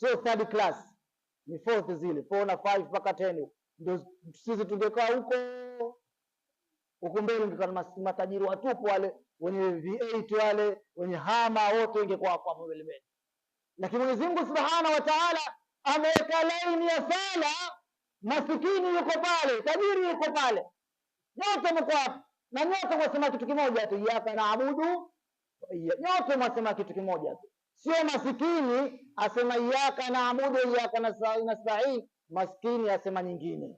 sio third class, ni fourth zile four na five mpaka ten. Ndio sisi tungekaa huko huko mbele, ungekuwa matajiri watupu wale wenye V8 wale wenye hama wote ingekuwa kwa mbele mbele, lakini Mwenyezi Mungu Subhanahu wa Ta'ala ameweka laini ya sala. Masikini yuko pale, tajiri yuko pale, nyote mko hapa na nyote mwasema kitu kimoja tu, iyyaka naabudu, nyote mwasema kitu kimoja tu sio masikini asema iyaka naabudu iyaka nastain, maskini asema nyingine.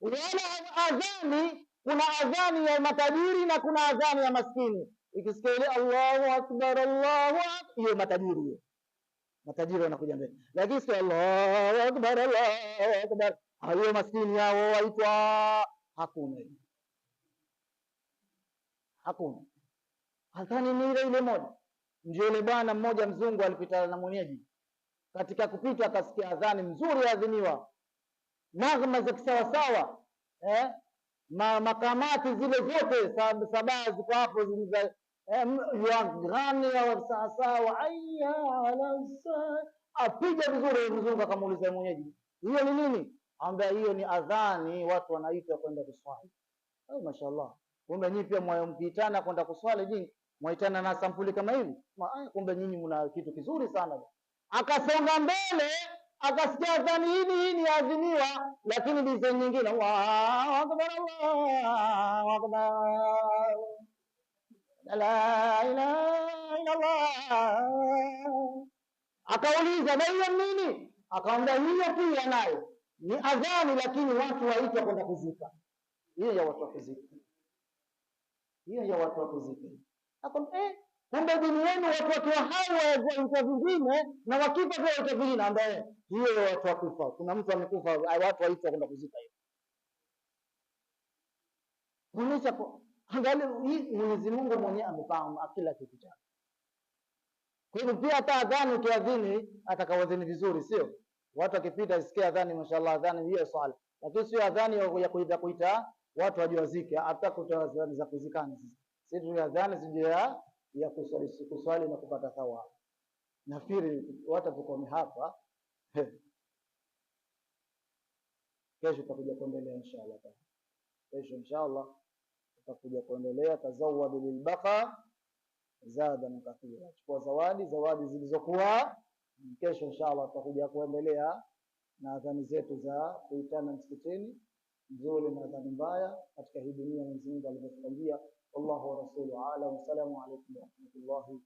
Unaona adhani, kuna adhani ya matajiri na kuna adhani ya maskini. Ikisikia ile Allahu akbar Allahu akbar, hiyo matajiri, hiyo matajiri wanakuja mbele, lakini sio Allahu akbar Allahu akbar, hayo maskini yao waitwa hakuna, hakuna adhani ni ile ile moja ndio yule bwana mmoja mzungu alipitana na mwenyeji, katika kupita akasikia adhani nzuri adhiniwa, naghma za kisawasawa eh? Ma, makamati zile zote sabaa ziko hapo eh, ya wasawasawa, aya apiga vizuri. Mzungu akamuuliza mwenyeji, hiyo ni nini? Ambaye hiyo ni adhani, watu wanaitwa kwenda kuswali. Mashaallah, kumbe nyinyi pia mwayo mkiitana kwenda kuswali jingi mwaitana na sampuli kama hivi, ah, kumbe nyinyi mna kitu kizuri sana. Akasonga mbele, akasikia adhani hili hii ni adhiniwa, lakini bize nyingine, Allahu akbar, akbar, la ilaha illa Allah. Akauliza, na hiyo nini? Akaambia hiyo pia nayo ni adhani, lakini watu waitwa kwenda kuzika. Hiyo ya watu wa kuzika, hiyo ya watu wa kuzika akamwambia kumbe duniani watu wakiwa hai wa vita vingine na wakifa pia vita vingine, ambaye hiyo watu wakufa, kuna mtu amekufa, watu waitwa kwenda kuzika hiyo kuonyesha kwa angalia, Mwenyezi Mungu mwenyewe amepanga kila kitu chake. Kwa hivyo pia hata adhani ukiadhini, atakawadhini vizuri, sio watu wakipita isikia adhani, mashallah, adhani hiyo swala, lakini sio adhani ya kuita kuita watu wajue wazike, hata kutoa adhani za kuzikana sisi si tunadhani si juu ya kuswali, kuswali na kupata thawabu. Nafikiri wata tukome hapa kesho tutakuja kuendelea inshallah. Kesho inshallah tutakuja kuendelea. Tazawadu zada zadan kathira, chukua zawadi, zawadi zilizokuwa. Kesho inshallah tutakuja kuendelea na adhani zetu za kuitana msikitini nzuri na adhani mbaya katika hii dunia. Mwenyezi Mungu alivyotupangia الله ورسوله أعلم السلام عليكم ورحمة الله